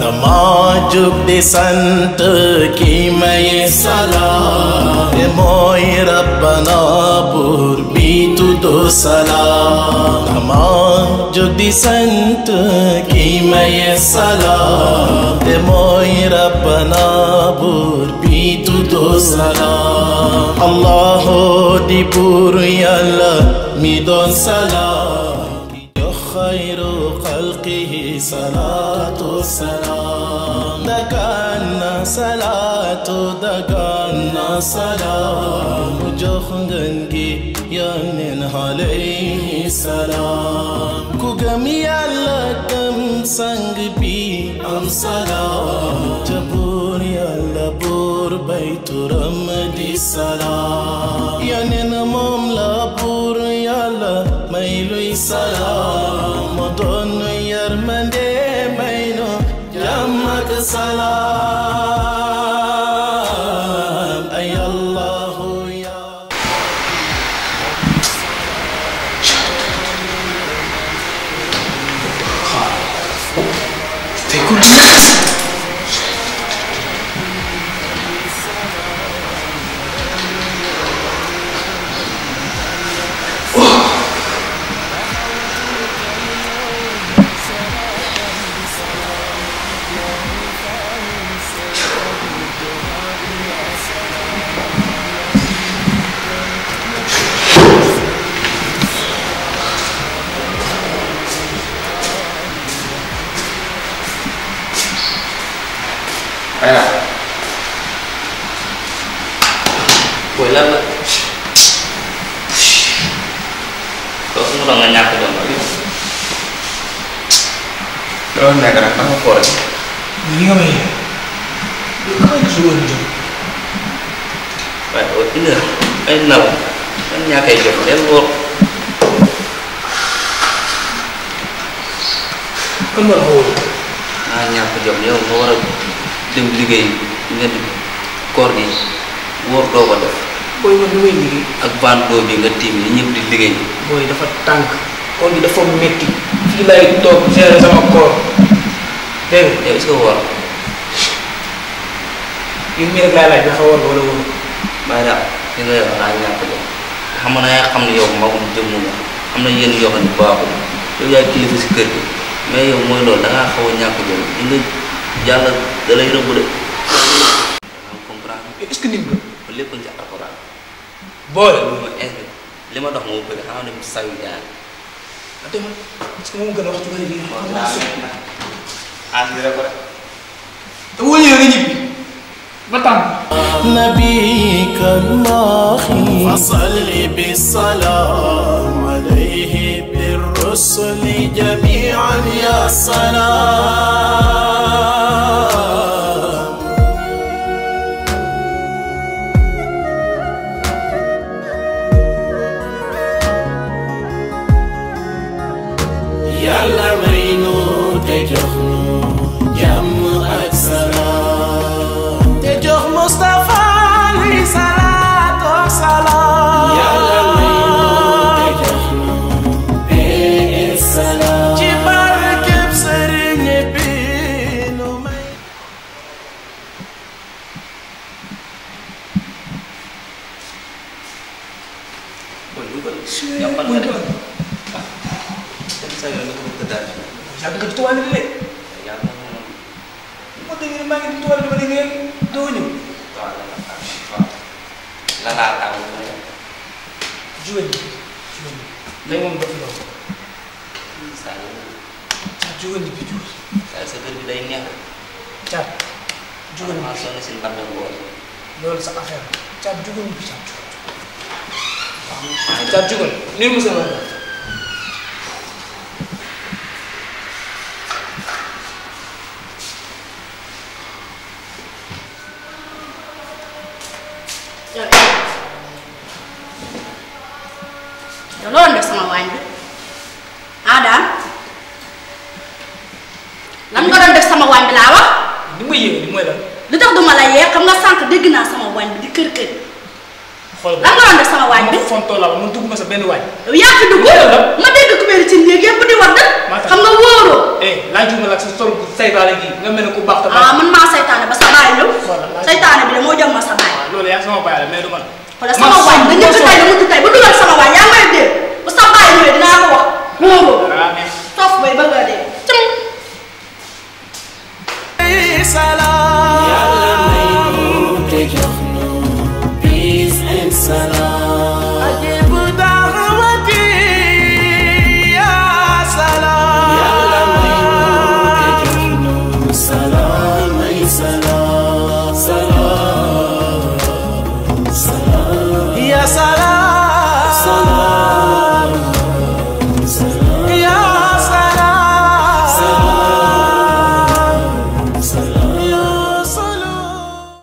dama jug di sant ki may salaam te mooy rabbana buur bi tuddu salaam dama jug di sant ki may mi doon salaam jox xayru xalqihi salaam والسلام دقنا صلاة دقنا سلام جخنجي يا من عليه السلام كوكم يا كم سنگ بي ام سلام جبور يا لبور بيت رمدي سلام يا نن مم لبور يا لميلوي سلام صلاه wala la soo su mu doon nga ñàkk doon ba yow. loolu nekk nag dama ko rek. li nga may waaye au une heure ay naw man ñaa koy jox leen wóor. kan ma la ko wóor. ah ñàkk jom yow nga war a dem liggéey nga koor gi. wóor doo ko def. booy man li may liggéey. ak bandoo bi nga tiim li ñëpp di liggéey. booy dafa tànk. koor gi dafa métti. fii lay toog gérer sama koor. dégg nga yow est-ce que war. yow xam nga xam la am na yenn yoo xam ne baaxul yow yaay kilifa si yow mooy loolu xaw a ñàkk jom li nga lépp ci alxuraan boole mu ma indi li ma dox moo bëri xam ne mu sawi jaar demal ah, parce que moom gën a wax ci bëri bi ànd rek rek te wóor nga ñibbi ba tàmm نبيك اللاخي فصل بالسلام عليه بالرسل جميعا يا سلام yàlla may nu te jox nu jàmm ak salaam te jox Moustapha li salaatu wa salaam yàlla may nu te jox nu pee salaam ci barkeb sëriñ bi nu may Bueno, bueno, ya para. daal yàgg nga di tuwaale di lekk. yàlla na moom. moo tax ñu ne maa ngi di tuwaale ba léegi rek doo ñëw. waaw lan la waaw lan laa tàmm moom. juwe ji juwe ji léegi moom daf loo. saa yu. caa juwe ji bi juwe. saa sa kër bi day neex. caa juwe ji bi maa sonn si ndam la ngoon. loolu sa affaire la caa juwe ji bi caa juwe. waaw caa juwe ji nii mu sonn. yow loo def sama waañ bi ah daan lan nga doon def sama waañ bi laa wax. li ma yéex li mooy lan. li tax duma la yee xam nga sant dégg naa sama waañ bi di kër kër. xool lan nga doon def sama waañ bi ma fontoo la sa benn waañ. yow yaa fi dugg ma dégg ku mel ci néeg yëpp di war dëkk. xam nga wóoroo. eh laajut ma la sa sol saytaane nga mel ne ku baax. ah man maa saytaane ba sa baay ñëw. saytaane bi de moo jëm ma sa baay. waaw loolu yaa sama baay la mais du man. xoolal sama waay nga njëkk tey nga mujj tey ba dugal sama waay yaa ngi may dégg bu sa bàyyi ñëwee dinaa ko wax. wóorul. waaw toog bay bëgg a dee.